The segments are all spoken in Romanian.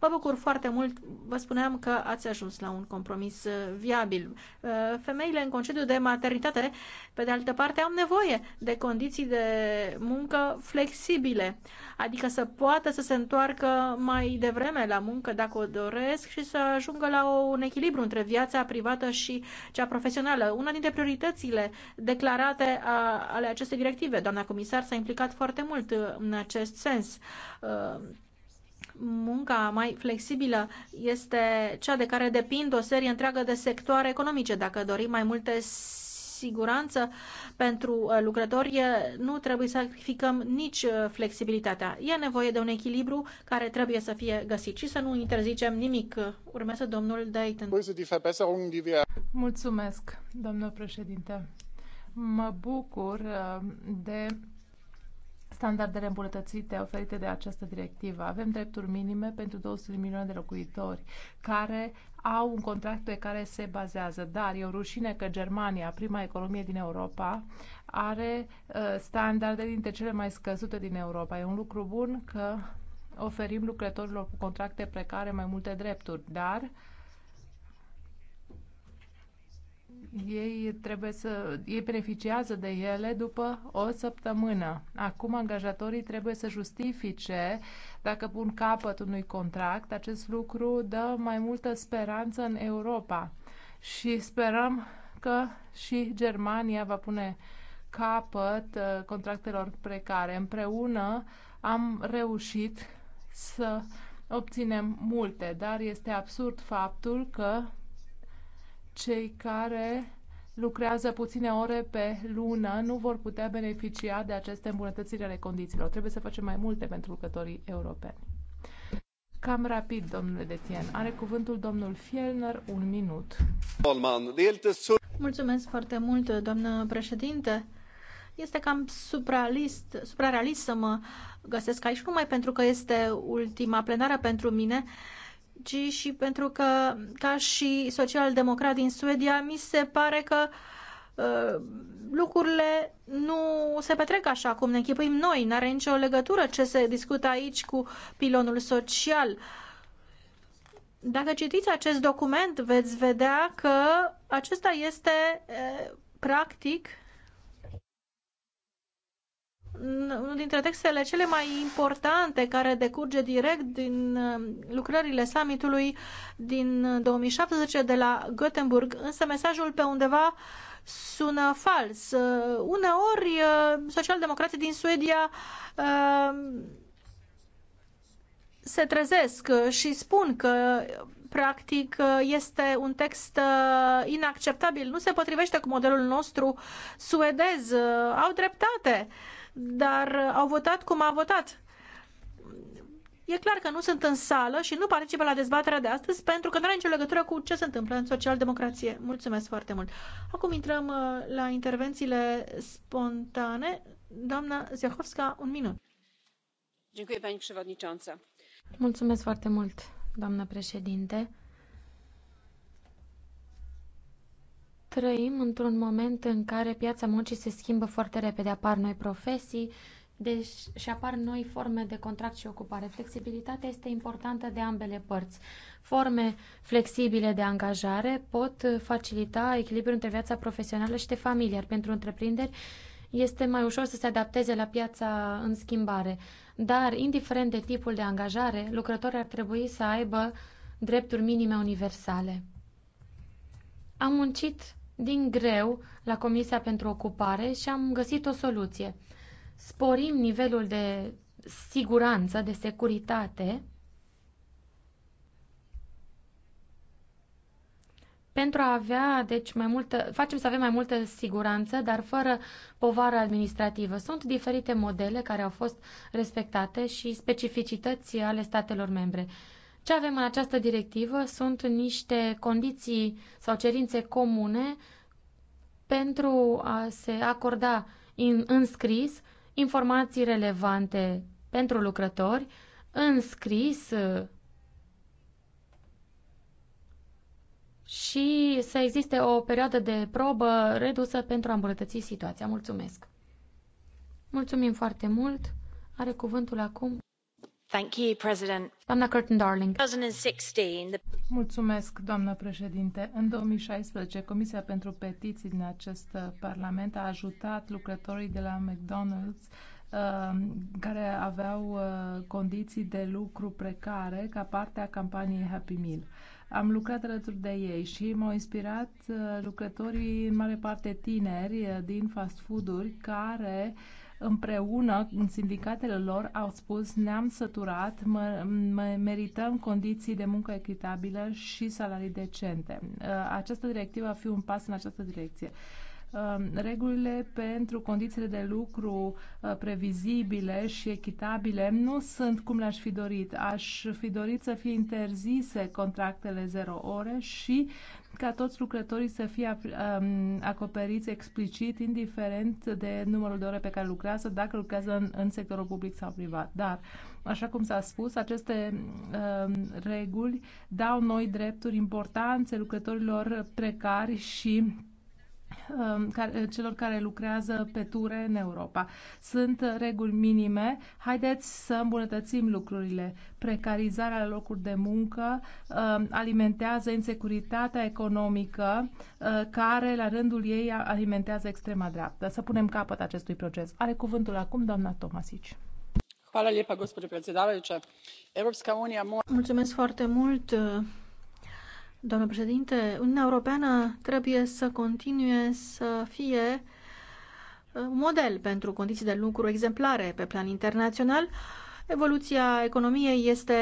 Mă bucur foarte mult, vă spuneam că ați ajuns la un compromis uh, viabil. Uh, femeile în concediu de maternitate, pe de altă parte, au nevoie de condiții de muncă flexibile, adică să poată să se întoarcă mai devreme la muncă dacă o doresc și să ajungă la un echilibru între viața privată și cea profesională. Una dintre prioritățile declarate a, ale acestei directive, doamna comisar s-a implicat foarte mult uh, în acest sens munca mai flexibilă este cea de care depind o serie întreagă de sectoare economice. Dacă dorim mai multe siguranță pentru uh, lucrători, nu trebuie să sacrificăm nici uh, flexibilitatea. E nevoie de un echilibru care trebuie să fie găsit și să nu interzicem nimic. Urmează domnul Dayton. Păi, Mulțumesc, domnul președinte. Mă bucur uh, de standardele îmbunătățite oferite de această directivă. Avem drepturi minime pentru 200 de milioane de locuitori care au un contract pe care se bazează, dar e o rușine că Germania, prima economie din Europa, are uh, standarde dintre cele mai scăzute din Europa. E un lucru bun că oferim lucrătorilor cu contracte precare mai multe drepturi, dar uh, ei trebuie să ei beneficiază de ele după o săptămână. Acum angajatorii trebuie să justifice dacă pun capăt unui contract. Acest lucru dă mai multă speranță în Europa și sperăm că și Germania va pune capăt uh, contractelor precare. Împreună am reușit să obținem multe, dar este absurd faptul că cei care lucrează puține ore pe lună nu vor putea beneficia de aceste îmbunătățiri ale condițiilor. Trebuie să facem mai multe pentru lucrătorii europeni. Cam rapid, domnule Detien. Are cuvântul domnul Fielner, un minut. Mulțumesc foarte mult, doamnă președinte. Este cam supralist, suprarealist să mă găsesc aici, numai pentru că este ultima plenară pentru mine ci și pentru că, ca și social-democrat din Suedia, mi se pare că uh, lucrurile nu se petrec așa cum ne închipuim noi. N-are nicio legătură ce se discută aici cu pilonul social. Dacă citiți acest document, veți vedea că acesta este, uh, practic, unul dintre textele cele mai importante care decurge direct din uh, lucrările summitului din 2017 uh, de la Göteborg, însă mesajul pe undeva sună fals. Uh, uneori, socialdemocrații din Suedia se trezesc și spun că practic este un text inacceptabil, nu se potrivește cu modelul nostru suedez. Au dreptate dar uh, au votat cum a votat. E clar că nu sunt în sală și nu participă la dezbaterea de astăzi pentru că nu are nicio legătură cu ce se întâmplă în socialdemocrație. Mulțumesc foarte mult. Acum intrăm uh, la intervențiile spontane. Doamna Ziahovska, un minut. Mulțumesc foarte mult, doamnă președinte. Trăim într-un moment în care piața muncii se schimbă foarte repede, apar noi profesii deci, și apar noi forme de contract și ocupare. Flexibilitatea este importantă de ambele părți. Forme flexibile de angajare pot facilita echilibrul între viața profesională și de familie, iar pentru întreprinderi este mai ușor să se adapteze la piața în schimbare. Dar, indiferent de tipul de angajare, lucrătorii ar trebui să aibă drepturi minime universale. Am muncit din greu la Comisia pentru Ocupare și am găsit o soluție. Sporim nivelul de siguranță, de securitate pentru a avea, deci, mai multă, facem să avem mai multă siguranță, dar fără povară administrativă. Sunt diferite modele care au fost respectate și specificități ale statelor membre. Ce avem în această directivă sunt niște condiții sau cerințe comune pentru a se acorda în, scris informații relevante pentru lucrători, scris și să existe o perioadă de probă redusă pentru a îmbunătăți situația. Mulțumesc! Mulțumim foarte mult! Are cuvântul acum doamnă președintă în două mii șaisprezece comisia pentru petiții din acest uh, parlament a ajutat lucrătorii de la mcdonald's uh, care aveau uh, condiții de lucru precare ca parte a campaniei happy meal am lucrat alături de ei și m-au inspirat lucrătorii în mare parte tineri din fast food-uri care uh, împreună în sindicatele lor au spus ne-am săturat, mă, mă, merităm condiții de muncă echitabilă și salarii decente. Ă, această directivă va fi un pas în această direcție. Um, regulile pentru condițiile de lucru uh, previzibile și echitabile nu sunt cum le-aș fi dorit. Aș fi dorit să fie interzise contractele zero ore și ca toți lucrătorii să fie um, acoperiți explicit, indiferent de numărul de ore pe care lucrează, dacă lucrează în, în sectorul public sau privat. Dar, așa cum s-a spus, aceste uh, reguli dau noi drepturi importante lucrătorilor precari și Um, celor care lucrează pe ture în Europa. Sunt reguli minime. Haideți să îmbunătățim lucrurile. Precarizarea locuri de muncă um, alimentează insecuritatea economică uh, care, la rândul ei, alimentează extrema dreaptă. Să punem capăt acestui proces. Are cuvântul acum doamna Tomasici. Mulțumesc foarte mult uh, Doamnă președinte, Uniunea Europeană trebuie să continue să fie uh, model pentru condiții de lucru exemplare pe plan internațional. Evoluția economiei este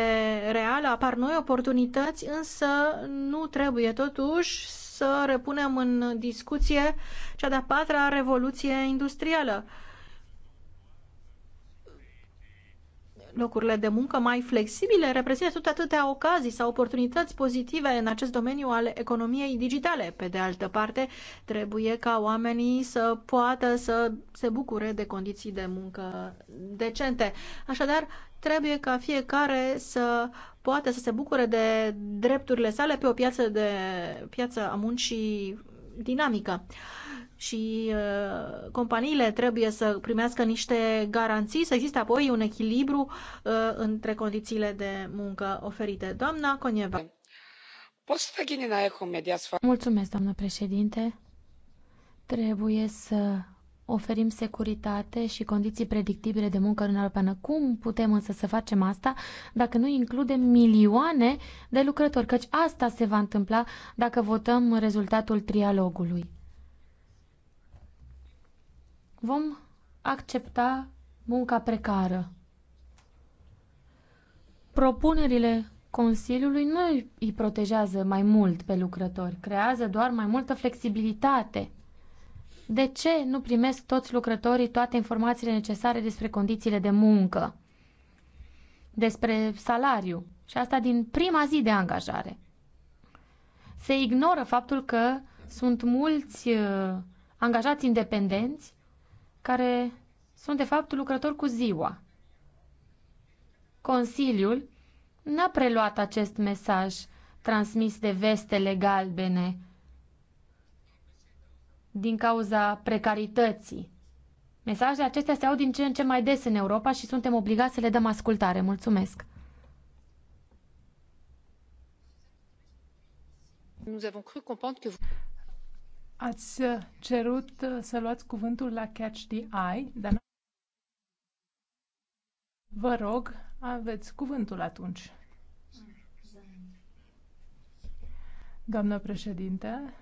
reală, apar noi oportunități, însă nu trebuie totuși să repunem în discuție cea de-a patra revoluție industrială locurile de muncă mai flexibile reprezintă tot atâtea ocazii sau oportunități pozitive în acest domeniu al economiei digitale. Pe de altă parte, trebuie ca oamenii să poată să se bucure de condiții de muncă decente. Așadar, trebuie ca fiecare să poată să se bucure de drepturile sale pe o piață de piață a muncii dinamică. Uh, și uh, companiile trebuie să primească niște garanții, să existe apoi un echilibru uh, între condițiile de muncă oferite. Doamna Conieva. Mulțumesc, doamnă președinte. Trebuie să oferim securitate și condiții predictibile de muncă în Uniunea Europeană. Cum putem însă să facem asta dacă nu includem milioane de lucrători? Căci asta se va întâmpla dacă votăm rezultatul trialogului vom accepta munca precară. Propunerile Consiliului nu îi protejează mai mult pe lucrători, creează doar mai multă flexibilitate. De ce nu primesc toți lucrătorii toate informațiile necesare despre condițiile de muncă, despre salariu și asta din prima zi de angajare? Se ignoră faptul că sunt mulți uh, angajați independenți care sunt de fapt lucrători cu ziua. Consiliul n-a preluat acest mesaj transmis de vestele galbene din cauza precarității. Mesajele acestea se aud din ce în ce mai des în Europa și suntem obligați să le dăm ascultare. Mulțumesc! Ați uh, cerut uh, să luați cuvântul la Catch the Eye, dar vă rog, aveți cuvântul atunci. Doamnă președinte,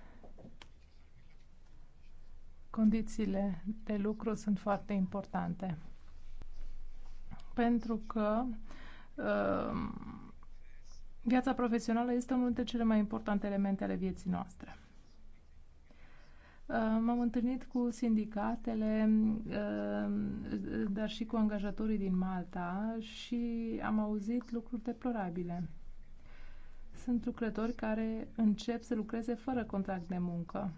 condițiile de lucru sunt foarte importante. Pentru că uh, viața profesională este unul dintre cele mai importante elemente ale vieții noastre. Uh, m-am întâlnit cu sindicatele, uh, dar și cu angajatorii din Malta și am auzit lucruri deplorabile. Sunt lucrători care încep să lucreze fără contract de muncă,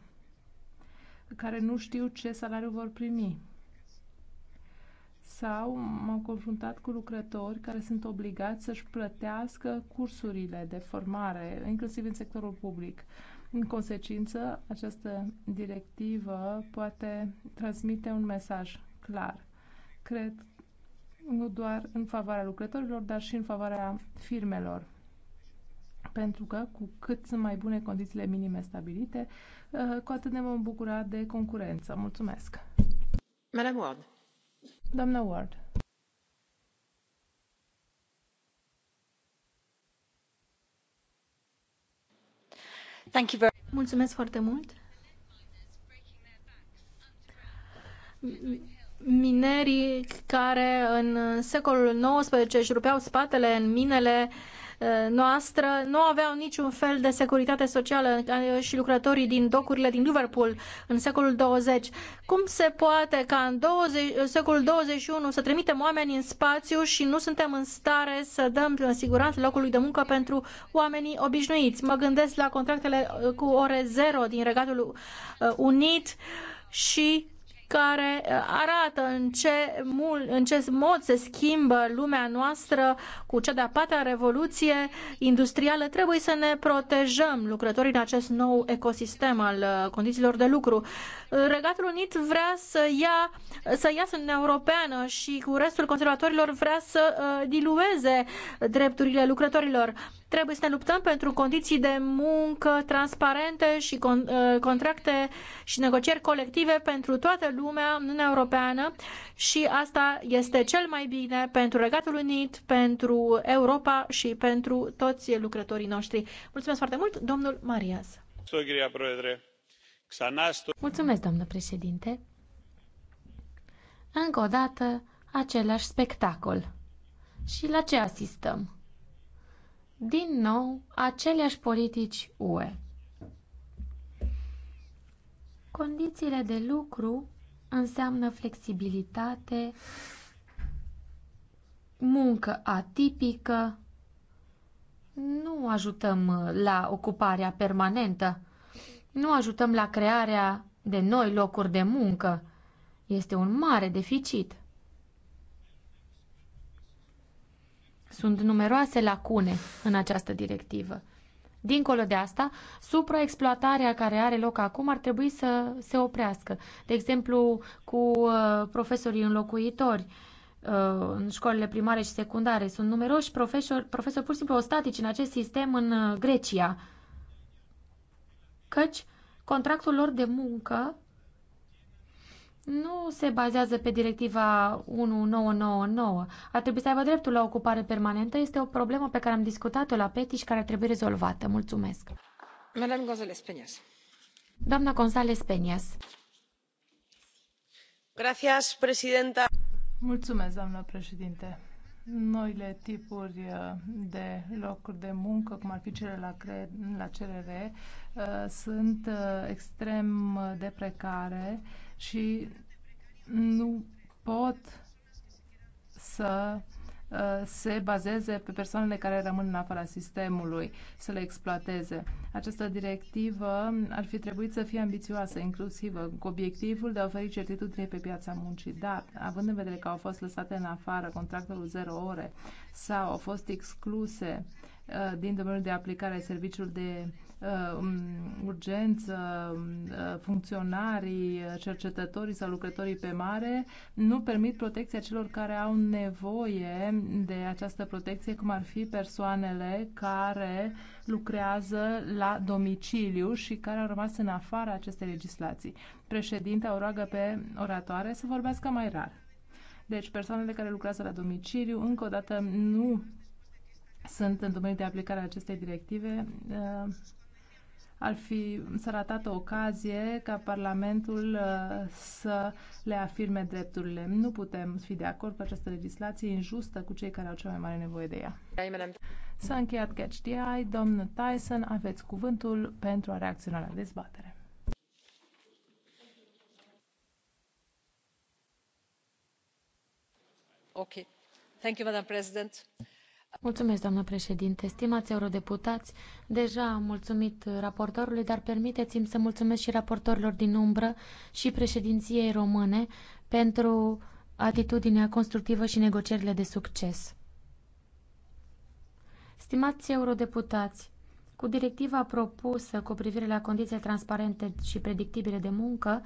care nu știu ce salariu vor primi. Sau m-am confruntat cu lucrători care sunt obligați să-și plătească cursurile de formare, inclusiv în sectorul public în consecință, această directivă poate transmite un mesaj clar. Cred nu doar în favoarea lucrătorilor, dar și în favoarea firmelor. Pentru că cu cât sunt mai bune condițiile minime stabilite, ă, cu atât ne vom bucura de concurență. Mulțumesc! Madam Ward. Doamna Ward. Mulțumesc foarte mult. Minerii care în secolul XIX își rupeau spatele în minele Eh, noastră nu aveau niciun fel de securitate socială eh, și lucrătorii din docurile din Liverpool în secolul 20. Cum se poate ca în 20, în eh, secolul 21 să trimitem oameni în spațiu și nu suntem în stare să dăm în siguranță locului de muncă pentru oamenii obișnuiți? Mă gândesc la contractele cu ore zero din Regatul Unit și care uh, arată în ce, mul, în ce mod se schimbă lumea noastră cu cea de-a patra revoluție industrială. Trebuie să ne protejăm lucrătorii în acest nou ecosistem al uh, condițiilor de lucru. Uh, Regatul Unit vrea să ia să iasă în Europeană și cu restul conservatorilor vrea să dilueze drepturile lucrătorilor Trebuie să ne luptăm pentru condiții de muncă transparente și uh, contracte și negocieri colective pentru toată lumea în Uniunea Europeană și asta este cel mai bine pentru Regatul Unit, pentru Europa și pentru toți lucrătorii noștri. Mulțumesc foarte mult, domnul Marias. Mulțumesc, doamnă președinte. Încă o dată, același spectacol. Și la ce asistăm? din nou aceleași politici UE. Condițiile de lucru înseamnă flexibilitate, muncă atipică, nu ajutăm la ocuparea permanentă, nu ajutăm la crearea de noi locuri de muncă. Este un mare deficit. Sunt numeroase lacune în această directivă. Dincolo de asta, supraexploatarea care are loc acum ar trebui să se oprească. De exemplu, cu uh, profesorii înlocuitori uh, în școlile primare și secundare. Sunt numeroși profesori, profesori pur și simplu ostatici în acest sistem în uh, Grecia, căci contractul lor de muncă nu se bazează pe directiva 1999. Ar trebui să aibă dreptul la ocupare permanentă. Este o problemă pe care am discutat-o la PETI și care ar trebui rezolvată. Mulțumesc. Madame González Peñas. Doamna González Peñas. Gracias, presidenta. Mulțumesc, doamnă președinte. Noile tipuri uh, de locuri de muncă, cum ar fi cele la, cre- la cerere, uh, sunt uh, extrem de precare și nu pot să uh, se bazeze pe persoanele care rămân în afara sistemului, să le exploateze. Această directivă ar fi trebuit să fie ambițioasă, inclusivă, cu obiectivul de a oferi certitudine pe piața muncii, dar având în vedere că au fost lăsate în afară contractul 0 ore sau au fost excluse uh, din domeniul de aplicare serviciul de Uh, um, urgență, um, uh, funcționarii, uh, cercetătorii sau lucrătorii pe mare nu permit protecția celor care au nevoie de această protecție, cum ar fi persoanele care lucrează la domiciliu și care au rămas în afara acestei legislații. Președinta o roagă pe oratoare să vorbească mai rar. Deci persoanele care lucrează la domiciliu, încă o dată, nu sunt în domeniul de aplicare a acestei directive. Uh, ar fi să ratat o ocazie ca Parlamentul uh, să le afirme drepturile. Nu putem fi de acord cu această legislație injustă cu cei care au cea mai mare nevoie de ea. S-a încheiat Catch the Eye. Domnul Tyson, aveți cuvântul pentru a reacționa la dezbatere. Ok. Thank you, Madam President. Mulțumesc, doamnă președinte. Stimați eurodeputați, deja am mulțumit raportorului, dar permiteți-mi să mulțumesc și raportorilor din umbră și președinției române pentru atitudinea constructivă și negocierile de succes. Stimați eurodeputați, cu directiva propusă cu privire la condiții transparente și predictibile de muncă,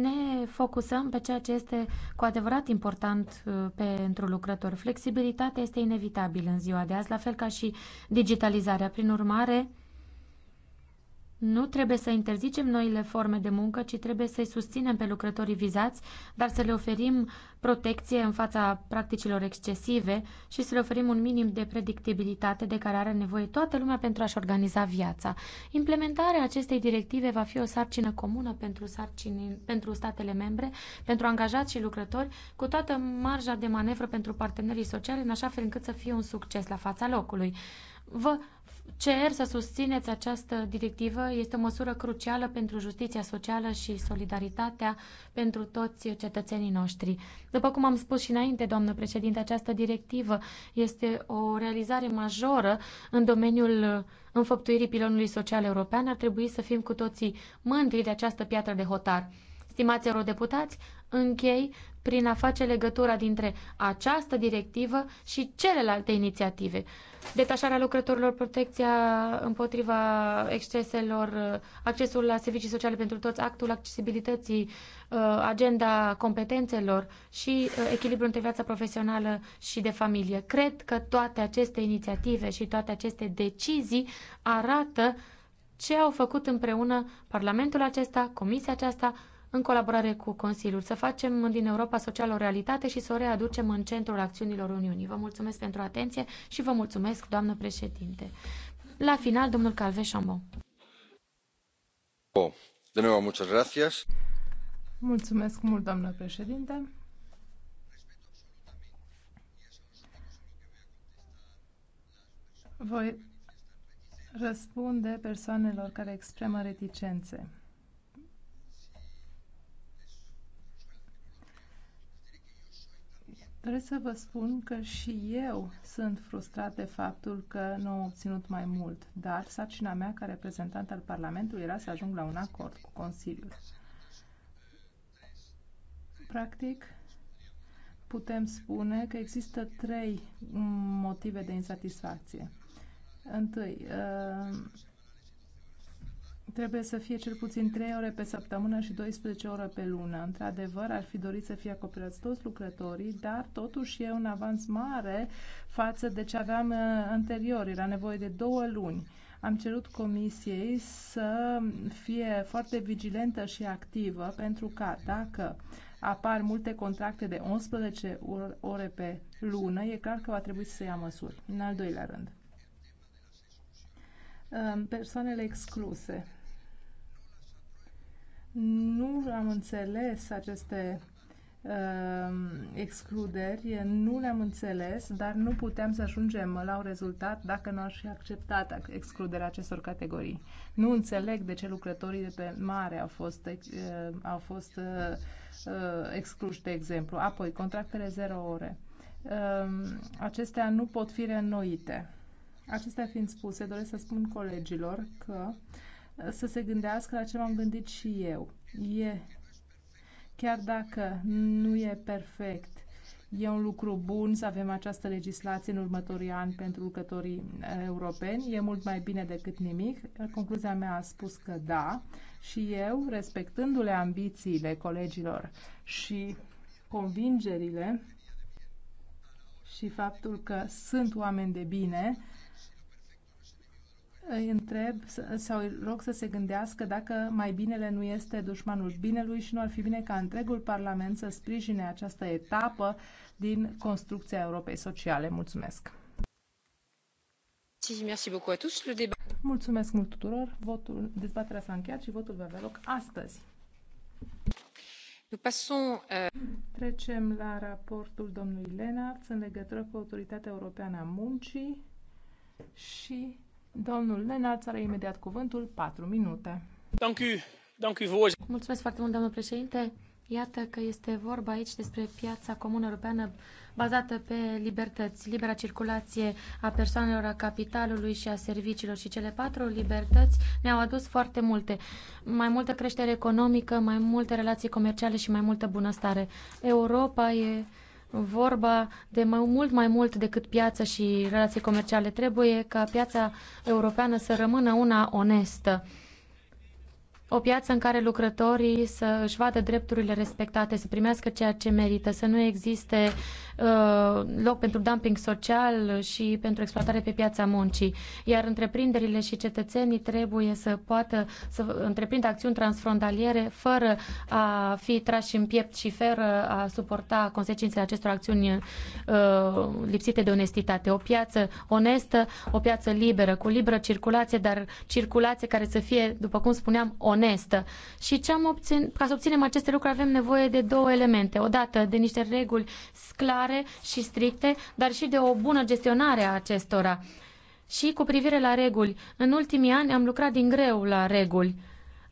ne focusăm pe ceea ce este cu adevărat important uh, pentru lucrător. Flexibilitatea este inevitabilă în ziua de azi, la fel ca și digitalizarea. Prin urmare, nu trebuie să interzicem noile forme de muncă, ci trebuie să-i susținem pe lucrătorii vizați, dar să le oferim protecție în fața practicilor excesive și să le oferim un minim de predictibilitate de care are nevoie toată lumea pentru a-și organiza viața. Implementarea acestei directive va fi o sarcină comună pentru, sarcini, pentru statele membre, pentru angajați și lucrători, cu toată marja de manevră pentru partenerii sociale, în așa fel încât să fie un succes la fața locului. Vă cer să susțineți această directivă. Este o măsură crucială pentru justiția socială și solidaritatea pentru toți cetățenii noștri. După cum am spus și înainte, doamnă președinte, această directivă este o realizare majoră în domeniul înfăptuirii pilonului social european. Ar trebui să fim cu toții mândri de această piatră de hotar. Stimați eurodeputați, închei prin a face legătura dintre această directivă și celelalte inițiative. Detașarea lucrătorilor, protecția împotriva exceselor, accesul la servicii sociale pentru toți, actul accesibilității, uh, agenda competențelor și uh, echilibrul între viața profesională și de familie. Cred că toate aceste inițiative și toate aceste decizii arată ce au făcut împreună Parlamentul acesta, Comisia aceasta, în colaborare cu Consiliul, să facem din Europa Socială o realitate și să o readucem în centrul acțiunilor Uniunii. Vă mulțumesc pentru atenție și vă mulțumesc, doamnă președinte. La final, domnul Calve Chambon. De nou, muchas gracias. Mulțumesc mult, doamnă președinte. Voi răspunde persoanelor care exprimă reticențe. Vreau să vă spun că și eu sunt frustrat de faptul că nu am obținut mai mult, dar sarcina mea ca reprezentant al Parlamentului era să ajung la un acord cu Consiliul. Practic, putem spune că există trei motive de insatisfacție. Întâi, trebuie să fie cel puțin 3 ore pe săptămână și 12 ore pe lună. Într-adevăr, ar fi dorit să fie acoperiți toți lucrătorii, dar totuși e un avans mare față de ce aveam uh, anterior. Era nevoie de două luni. Am cerut comisiei să fie foarte vigilentă și activă pentru că dacă apar multe contracte de 11 ore pe lună, e clar că va trebui să se ia măsuri. În al doilea rând um, persoanele excluse. Nu am înțeles aceste uh, excluderi, nu le-am înțeles, dar nu puteam să ajungem la un rezultat dacă nu aș fi acceptat excluderea acestor categorii. Nu înțeleg de ce lucrătorii de pe mare au fost, uh, au fost uh, uh, excluși, de exemplu. Apoi, contractele zero ore. Um, acestea nu pot fi reînnoite. Acestea fiind spuse, doresc să spun colegilor că uh, să se gândească la ce m-am gândit și eu. E, chiar dacă nu e perfect, e un lucru bun să avem această legislație în următorii ani pentru lucrătorii eh, europeni. E mult mai bine decât nimic. Concluzia mea a spus că da și eu, respectându-le ambițiile colegilor și convingerile și faptul că sunt oameni de bine, îi întreb sau îi rog să se gândească dacă mai binele nu este dușmanul binelui și nu ar fi bine ca întregul Parlament să sprijine această etapă din construcția Europei Sociale. Mulțumesc! Mulțumesc mult tuturor! Votul, dezbaterea s-a încheiat și votul va avea loc astăzi. Euh, Trecem la raportul domnului Lenart în legătură cu Autoritatea Europeană a Muncii și Domnul Lenarț are imediat cuvântul, 4 minute. Mulțumesc foarte mult, domnul președinte. Iată că este vorba aici despre piața comună europeană bazată pe libertăți, libera circulație a persoanelor, a capitalului și a serviciilor. Și cele patru libertăți ne-au adus foarte multe. Mai multă creștere economică, mai multe relații comerciale și mai multă bunăstare. Europa e vorba de mai mult mai mult decât piață și relații comerciale. Trebuie ca piața europeană să rămână una onestă o piață în care lucrătorii să își vadă drepturile respectate, să primească ceea ce merită, să nu existe uh, loc pentru dumping social și pentru exploatare pe piața muncii. Iar întreprinderile și cetățenii trebuie să poată să întreprindă acțiuni transfrontaliere fără a fi trași în piept și fără a suporta consecințele acestor acțiuni uh, lipsite de onestitate. O piață onestă, o piață liberă, cu liberă circulație, dar circulație care să fie, după cum spuneam, onestă onestă. Și ce am obțin, ca să obținem aceste lucruri avem nevoie de două elemente. Odată de niște reguli clare și stricte, dar și de o bună gestionare a acestora. Și cu privire la reguli, în ultimii ani am lucrat din greu la reguli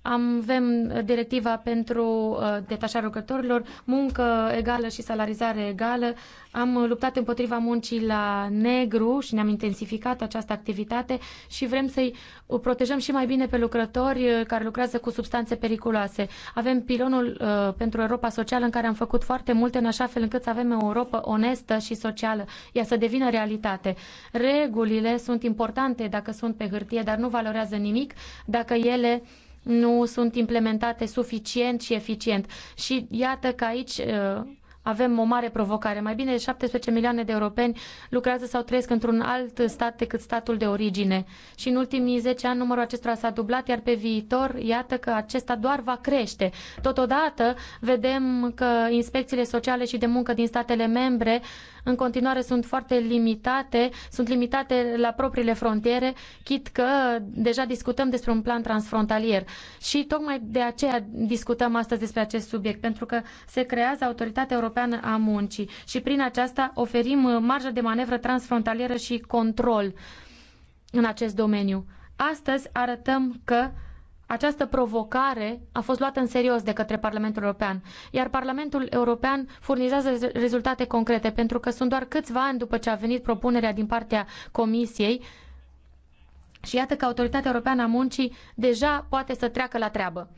avem directiva pentru uh, detașarea lucrătorilor, muncă egală și salarizare egală. Am luptat împotriva muncii la negru și ne-am intensificat această activitate și vrem să-i protejăm și mai bine pe lucrători uh, care lucrează cu substanțe periculoase. Avem pilonul uh, pentru Europa Socială în care am făcut foarte multe în așa fel încât să avem o Europa onestă și socială, ea să devină realitate. Regulile sunt importante dacă sunt pe hârtie, dar nu valorează nimic dacă ele uh, nu sunt implementate suficient și eficient. Și iată că aici uh, avem o mare provocare. Mai bine de 17 milioane de europeni lucrează sau trăiesc într-un alt stat decât statul de origine. Și în ultimii 10 ani numărul acestora s-a dublat, iar pe viitor, iată că acesta doar va crește. Totodată, vedem că inspecțiile sociale și de muncă din statele membre uh, în continuare sunt foarte limitate, sunt limitate la propriile frontiere, chit că deja discutăm despre un plan transfrontalier. Și tocmai de aceea discutăm astăzi despre acest subiect, pentru că se creează Autoritatea Europeană a Muncii și prin aceasta oferim marjă de manevră transfrontalieră și control în acest domeniu. Astăzi arătăm că această provocare a fost luată în serios de către Parlamentul European, iar Parlamentul European furnizează rezultate concrete, pentru că sunt doar câțiva ani după ce a venit propunerea din partea Comisiei și iată că Autoritatea Europeană a Muncii deja poate să treacă la treabă.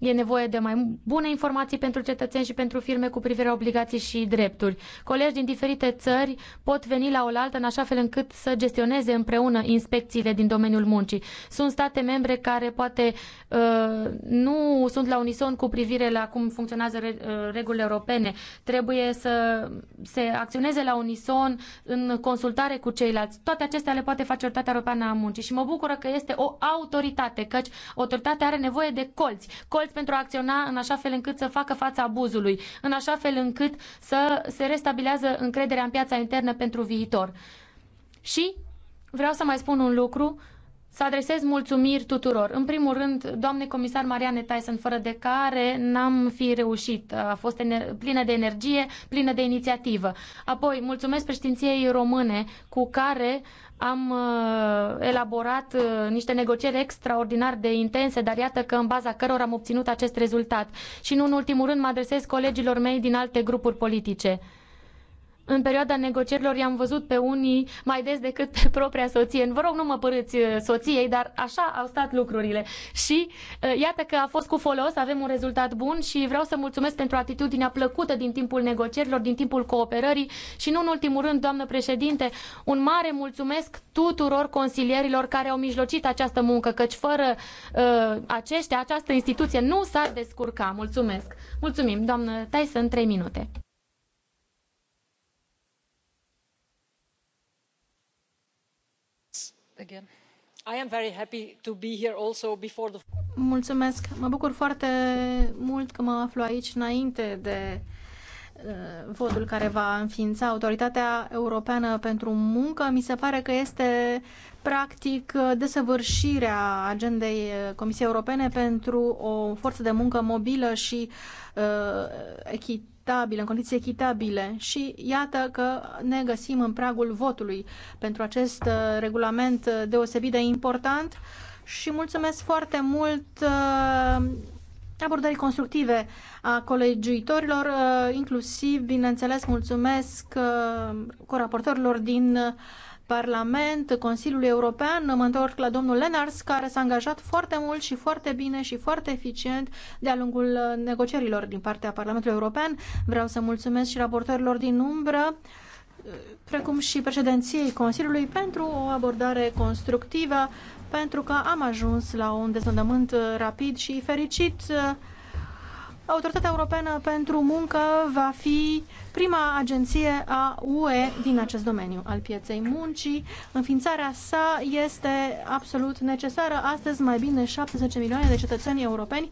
E nevoie de mai bune informații pentru cetățeni și pentru firme cu privire la obligații și drepturi. Colegi din diferite țări pot veni la oaltă în așa fel încât să gestioneze împreună inspecțiile din domeniul muncii. Sunt state membre care poate uh, nu sunt la unison cu privire la cum funcționează uh, regulile europene. Trebuie să se acționeze la unison în consultare cu ceilalți. Toate acestea le poate face Autoritatea Europeană a Muncii și mă bucură că este o autoritate, căci autoritatea are nevoie de colți. colți părți pentru a acționa în așa fel încât să facă fața abuzului, în așa fel încât să se restabilează încrederea în piața internă pentru viitor. Și vreau să mai spun un lucru, să adresez mulțumiri tuturor. În primul rând, doamne comisar Marianne Tyson, fără de care n-am fi reușit. A fost plină de energie, plină de inițiativă. Apoi, mulțumesc președinției române cu care am uh, elaborat uh, niște negocieri extraordinar de intense, dar iată că în baza cărora am obținut acest rezultat. Și nu în ultimul rând mă adresez colegilor mei din alte grupuri politice în perioada negocierilor i-am văzut pe unii mai des decât pe propria soție. Vă rog, nu mă părâți uh, soției, dar așa au stat lucrurile. Și uh, iată că a fost cu folos, avem un rezultat bun și vreau să mulțumesc pentru atitudinea plăcută din timpul negocierilor, din timpul cooperării și nu în ultimul rând, doamnă președinte, un mare mulțumesc tuturor consilierilor care au mijlocit această muncă, căci fără uh, aceștia, această instituție nu s-ar descurca. Mulțumesc! Mulțumim, doamnă Tyson, trei minute. Mulțumesc. Mă bucur foarte mult că mă aflu aici înainte de uh, votul care va înființa Autoritatea Europeană pentru Muncă. Mi se pare că este practic desăvârșirea agendei uh, Comisiei Europene pentru o forță de muncă mobilă și uh, echitabilă echitabile, în condiții echitabile și iată că ne găsim în pragul votului pentru acest uh, regulament uh, deosebit de important și mulțumesc foarte mult uh, abordări constructive a colegiuitorilor, uh, inclusiv, bineînțeles, mulțumesc uh, coraportorilor din uh, Parlament, Consiliul European, mă întorc la domnul Lenars, care s-a angajat foarte mult și foarte bine și foarte eficient de-a lungul negocierilor din partea Parlamentului European. Vreau să mulțumesc și raportorilor din umbră precum și președinției Consiliului, pentru o abordare constructivă, pentru că am ajuns la un dezvăndământ uh, rapid și fericit. Uh, Autoritatea Europeană pentru Muncă va fi prima agenție a UE din acest domeniu al pieței muncii. Înființarea sa este absolut necesară. Astăzi mai bine 70 milioane de cetățeni europeni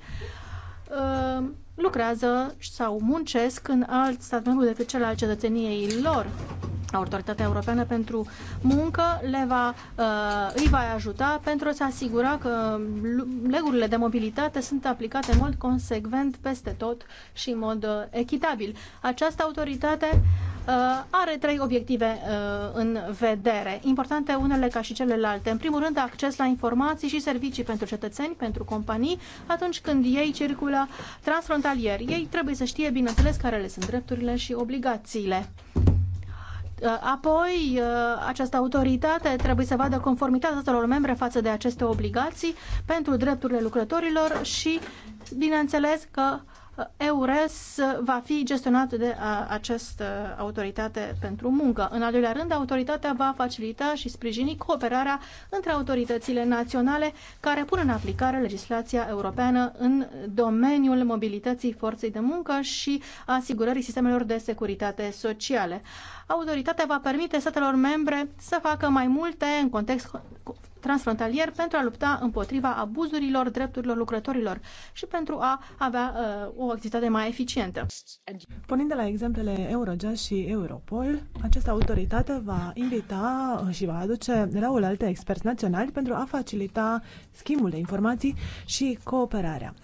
uh, lucrează sau muncesc în alt stat membru decât cel al cetățeniei lor. Autoritatea Europeană pentru Muncă le va, uh, îi va ajuta pentru a se asigura că legurile de mobilitate sunt aplicate în mod consecvent peste tot și în mod uh, echitabil. Această autoritate uh, are trei obiective în vedere, importante unele ca și celelalte. În primul rând, acces la informații și servicii pentru cetățeni, pentru companii, atunci când ei circulă transfrontalier frontalier. Ei trebuie să știe, bineînțeles, care le sunt drepturile și obligațiile. Uh, apoi, uh, această autoritate trebuie să vadă conformitatea statelor membre față de aceste obligații pentru drepturile lucrătorilor și, bineînțeles, că uh, EURES va fi gestionat de această autoritate pentru muncă. În al doilea rând, autoritatea va facilita și sprijini cooperarea între autoritățile naționale care pun în aplicare legislația europeană în domeniul mobilității forței de muncă și asigurării sistemelor de securitate sociale. Autoritatea va permite statelor membre să facă mai multe în context transfrontalier pentru a lupta împotriva abuzurilor drepturilor lucrătorilor și pentru a avea uh, o activitate mai eficientă. Pornind de la exemplele Eurojust și Europol, această autoritate va invita uh, și va aduce la alte experți naționali pentru a facilita schimbul de informații și cooperarea.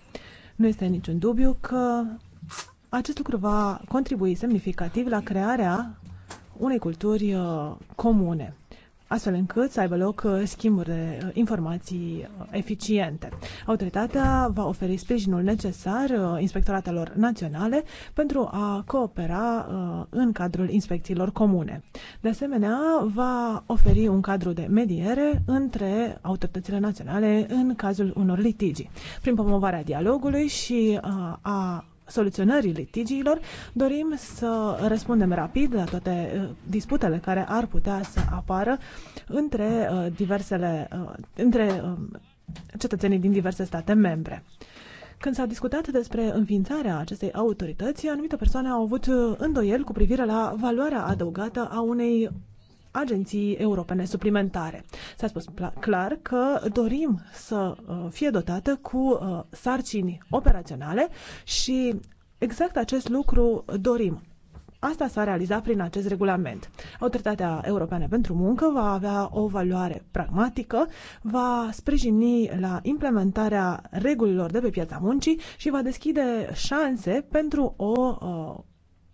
Nu este niciun dubiu că acest lucru va contribui semnificativ la crearea unei culturi uh, comune astfel încât să aibă loc uh, schimburi de uh, informații uh, eficiente. Autoritatea va oferi sprijinul necesar inspectoratelor naționale pentru a coopera în cadrul inspecțiilor comune. De asemenea, va oferi un cadru de mediere între autoritățile naționale în cazul unor litigi. Prin promovarea dialogului și a soluționării litigiilor. Dorim să răspundem rapid la toate uh, disputele care ar putea să apară între uh, diversele uh, între um, cetățenii din diverse state membre. Când s-a discutat despre înființarea acestei autorități, anumite persoane au avut îndoieli cu privire la valoarea adăugată a unei agenții europene suplimentare. S-a spus clar că dorim să uh, fie dotată cu uh, sarcini operaționale și exact acest lucru dorim. Asta s-a realizat prin acest regulament. Autoritatea Europeană pentru Muncă va avea o valoare pragmatică, va sprijini la implementarea regulilor de pe piața muncii și va deschide șanse pentru o uh,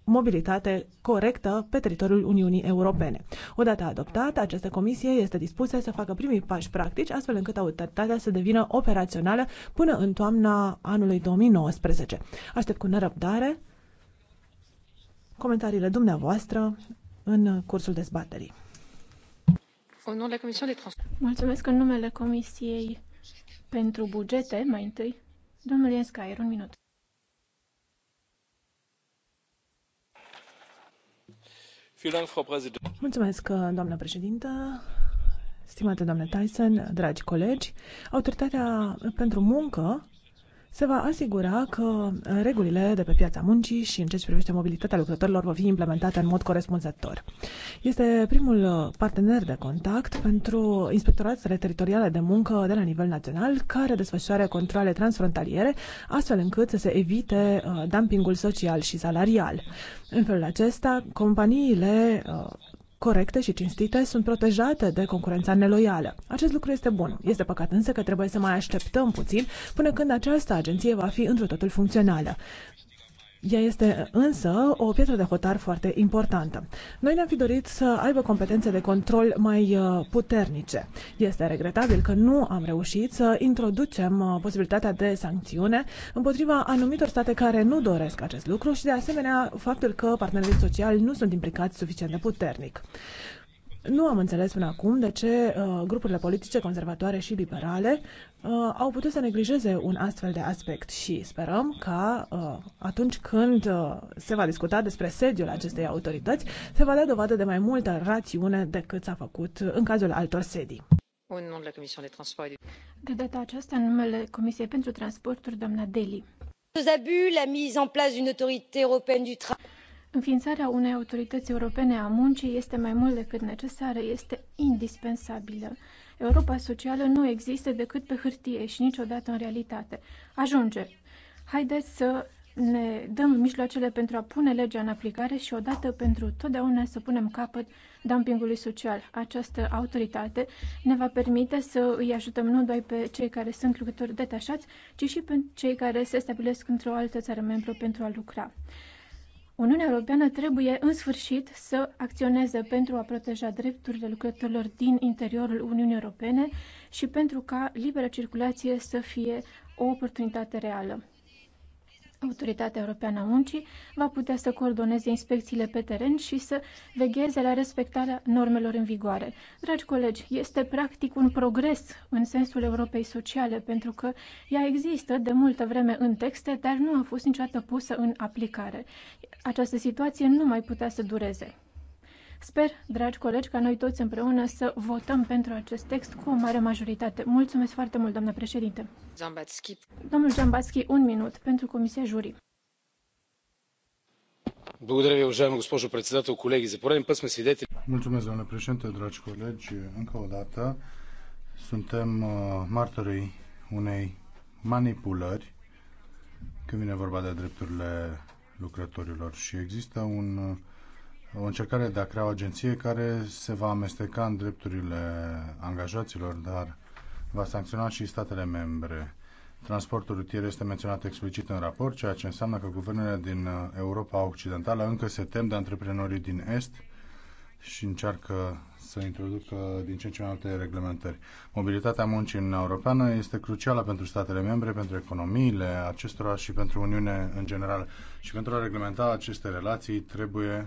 mobilitate corectă pe teritoriul Uniunii Europene. Odată adoptată, această comisie este dispusă să facă primii pași practici, astfel încât autoritatea să devină operațională până în toamna anului 2019. Aștept cu nerăbdare comentariile dumneavoastră în cursul dezbaterii. Mulțumesc în numele Comisiei pentru bugete, mai întâi. Domnul Iescaier, un minut. Mulțumesc, uh, doamnă președintă. Stimate doamne Tyson, dragi colegi, Autoritatea pentru Muncă se va asigura că uh, regulile de pe piața muncii și în ceea ce privește mobilitatea lucrătorilor vor fi implementate în mod corespunzător. Este primul uh, partener de contact pentru inspectoratele teritoriale de muncă de la nivel național care desfășoară controle transfrontaliere astfel încât să se evite uh, dumpingul social și salarial. În felul acesta, companiile corecte și cinstite sunt protejate de concurența neloială. Acest lucru este bun. Este păcat însă că trebuie să mai așteptăm puțin până când această agenție va fi într totul funcțională. Ea este însă o pietră de hotar foarte importantă. Noi ne-am fi dorit să aibă competențe de control mai uh, puternice. Este regretabil că nu am reușit să introducem uh, posibilitatea de sancțiune împotriva anumitor state care nu doresc acest lucru și de asemenea faptul că partenerii sociali nu sunt implicați suficient de puternic. Nu am înțeles până acum de ce uh, grupurile politice conservatoare și liberale uh, au putut să neglijeze un astfel de aspect și sperăm ca uh, atunci când uh, se va discuta despre sediul acestei autorități, se va da dovadă de mai multă rațiune decât s-a făcut în cazul altor sedii. De data aceasta, în numele Comisiei pentru Transporturi, doamna Deli. la mise en place d'une autorité européenne du travail Înființarea unei autorități europene a muncii este mai mult decât necesară, este indispensabilă. Europa socială nu există decât pe hârtie și niciodată în realitate. Ajunge! Haideți să ne dăm mijloacele pentru a pune legea în aplicare și odată pentru totdeauna să punem capăt dumpingului social. Această autoritate ne va permite să îi ajutăm nu doar pe cei care sunt lucrători detașați, ci și pe cei care se stabilesc într-o altă țară membru pentru a lucra. Uniunea Europeană trebuie în sfârșit să acționeze pentru a proteja drepturile lucrătorilor din interiorul Uniunii Europene și pentru ca libera circulație să fie o oportunitate reală. Autoritatea Europeană a Muncii va putea să coordoneze inspecțiile pe teren și să vegheze la respectarea normelor în vigoare. Dragi colegi, este practic un progres în sensul Europei Sociale, pentru că ea există de multă vreme în texte, dar nu a fost niciodată pusă în aplicare. Această situație nu mai putea să dureze. Sper, dragi colegi, ca noi toți împreună să votăm pentru acest text cu o mare majoritate. Mulțumesc foarte mult, doamna președinte. Zambatski. Domnul Zambatski, un minut pentru Comisia Juri. Mulțumesc, doamnă președinte, dragi colegi. Încă o dată suntem uh, martorii unei manipulări când vine vorba de drepturile lucrătorilor și există un uh, o încercare de a crea o agenție care se va amesteca în drepturile angajaților, dar va sancționa și statele membre. Transportul rutier este menționat explicit în raport, ceea ce înseamnă că guvernele din Europa Occidentală încă se tem de antreprenorii din Est și încearcă să introducă din ce în ce mai multe reglementări. Mobilitatea muncii în Europeană este crucială pentru statele membre, pentru economiile acestora și pentru Uniune în general. Și pentru a reglementa aceste relații trebuie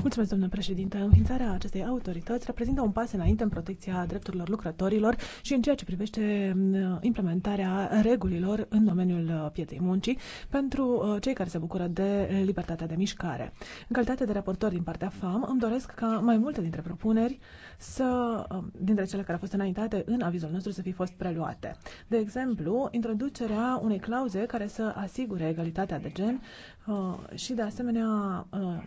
Mulțumesc, domnule președinte. Înființarea acestei autorități reprezintă un pas înainte în protecția drepturilor lucrătorilor și în ceea ce privește uh, implementarea regulilor în domeniul uh, pieței muncii pentru uh, cei care se bucură de libertatea de mișcare. În calitate de raportor din partea FAM, îmi doresc ca mai multe dintre propuneri să, dintre cele care au fost înaintate în avizul nostru să fi fost preluate. De exemplu, introducerea unei clauze care să asigure egalitatea de gen Uh, și, de asemenea, uh,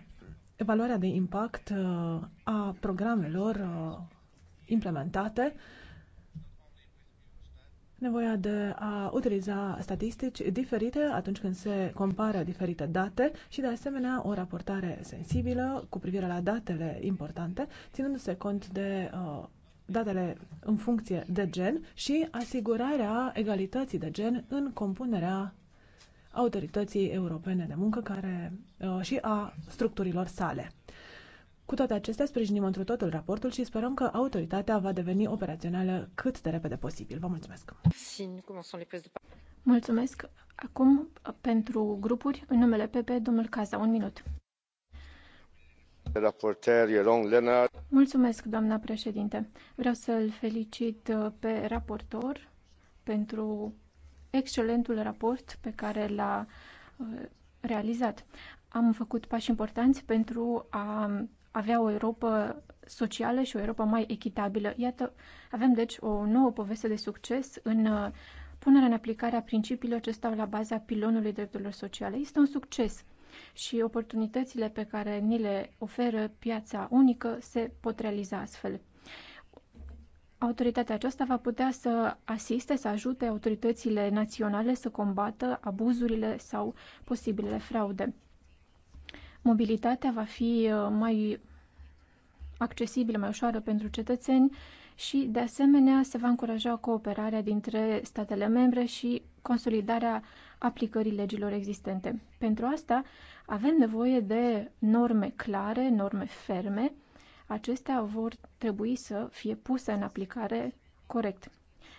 evaluarea de impact uh, a programelor implementate, nevoia de a utiliza statistici diferite atunci când se compară diferite date și, de asemenea, o raportare sensibilă cu privire la datele importante, ținându-se cont de datele în funcție de gen și asigurarea egalității de gen în compunerea autorității europene de muncă care, uh, și a structurilor sale. Cu toate acestea, sprijinim într totul raportul și sperăm că autoritatea va deveni operațională cât de repede posibil. Vă mulțumesc! Mulțumesc! Acum, pentru grupuri, în numele PP, domnul Caza, un minut. Raporter Ieron Lenar. Mulțumesc, doamna președinte. Vreau să-l felicit uh, pe raportor pentru excelentul raport pe care l-a uh, realizat. Am făcut pași importanți pentru a avea o Europa socială și o Europa mai echitabilă. Iată, avem deci o nouă poveste de succes în uh, punerea în aplicare a principiilor ce stau la baza pilonului drepturilor sociale. Este un succes și oportunitățile pe care ni le oferă piața unică se pot realiza astfel. Autoritatea aceasta va putea să asiste, să ajute autoritățile naționale să combată abuzurile sau posibilele fraude. Mobilitatea va fi uh, mai accesibilă, mai ușoară pentru cetățeni și, de asemenea, se va încuraja cooperarea dintre statele membre și consolidarea aplicării legilor existente. Pentru asta avem nevoie de norme clare, norme ferme, acestea vor trebui să fie puse în aplicare corect.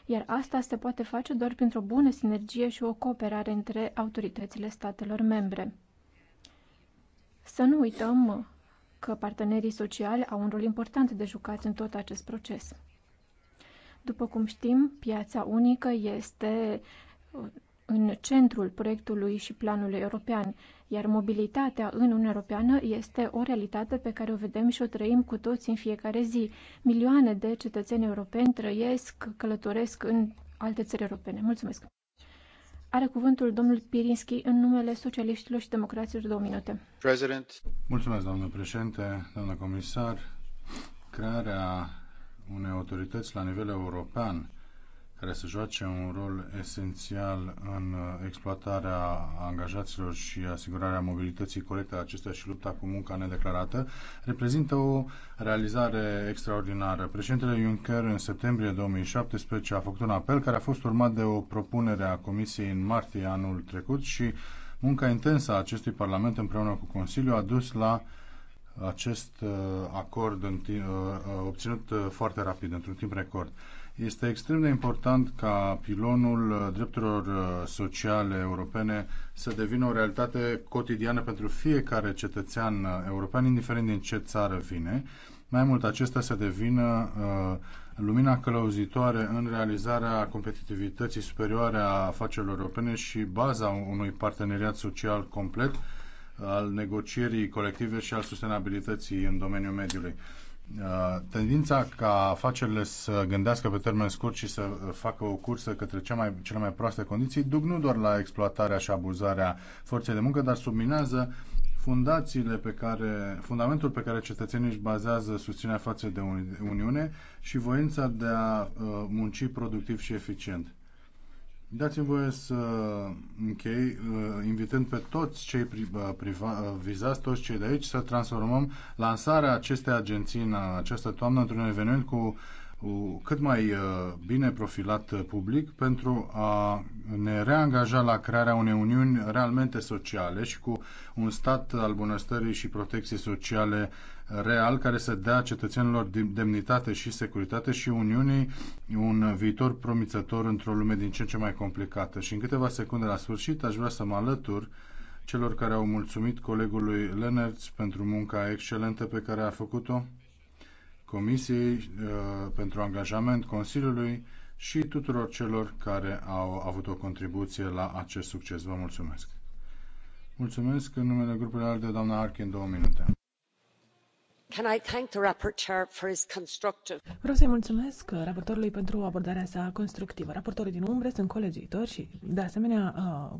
Iar asta se poate face doar printr-o bună sinergie și o cooperare între autoritățile statelor membre. Să nu uităm că partenerii sociali au un rol important de jucat în tot acest proces. După cum știm, piața unică este în centrul proiectului și planului european, iar mobilitatea în Uniunea Europeană este o realitate pe care o vedem și o trăim cu toți în fiecare zi. Milioane de cetățeni europeni trăiesc, călătoresc în alte țări europene. Mulțumesc! Are cuvântul domnul Pirinski în numele socialiștilor și democraților două minute. President. Mulțumesc, domnule președinte, domnule comisar. Crearea unei autorități la nivel european care să joace un rol esențial în exploatarea angajaților și asigurarea mobilității corecte a acestea și lupta cu munca nedeclarată, reprezintă o realizare extraordinară. Președintele Juncker în septembrie 2017 a făcut un apel care a fost urmat de o propunere a Comisiei în martie anul trecut și munca intensă a acestui Parlament împreună cu Consiliu a dus la acest uh, acord uh, uh, obținut foarte rapid, într-un timp record. Este extrem de important ca pilonul uh, drepturilor uh, sociale europene să devină o realitate cotidiană pentru fiecare cetățean uh, european, indiferent din ce țară vine. Mai mult, acesta să devină uh, lumina călăuzitoare în realizarea competitivității superioare a afacerilor europene și baza unui parteneriat social complet al negocierii colective și al sustenabilității în domeniul mediului. Uh, tendința ca afacerile să gândească pe termen scurt și să uh, facă o cursă către cea mai, cele mai proaste condiții duc nu doar la exploatarea și abuzarea forței de muncă, dar subminează fundațiile pe care, fundamentul pe care cetățenii își bazează susținerea față de Uniune și voința de a uh, munci productiv și eficient. Dați-mi voie să închei uh, invitând pe toți cei uh, priva, uh, vizați, toți cei de aici, să transformăm lansarea acestei agenții în această toamnă într-un eveniment cu cât mai bine profilat public pentru a ne reangaja la crearea unei uniuni realmente sociale și cu un stat al bunăstării și protecției sociale real care să dea cetățenilor demnitate și securitate și Uniunii un viitor promițător într-o lume din ce în ce mai complicată. Și în câteva secunde la sfârșit aș vrea să mă alătur celor care au mulțumit colegului Lenertz pentru munca excelentă pe care a făcut-o, Comisiei uh, pentru angajament, Consiliului și tuturor celor care au avut o contribuție la acest succes. Vă mulțumesc! Mulțumesc în numele grupului de doamna Arkin, două minute. Vreau să-i mulțumesc raportorului pentru abordarea sa constructivă. Raportorii din umbre sunt colegiitori și, de asemenea, uh,